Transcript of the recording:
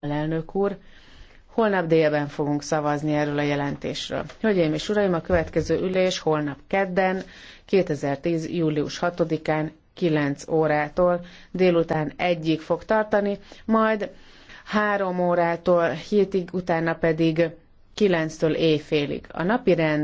elnök úr. Holnap délben fogunk szavazni erről a jelentésről. Hölgyeim és uraim, a következő ülés holnap kedden, 2010. július 6-án 9 órától délután egyig fog tartani, majd 3 órától 7-ig, utána pedig 9-től éjfélig. A napi rend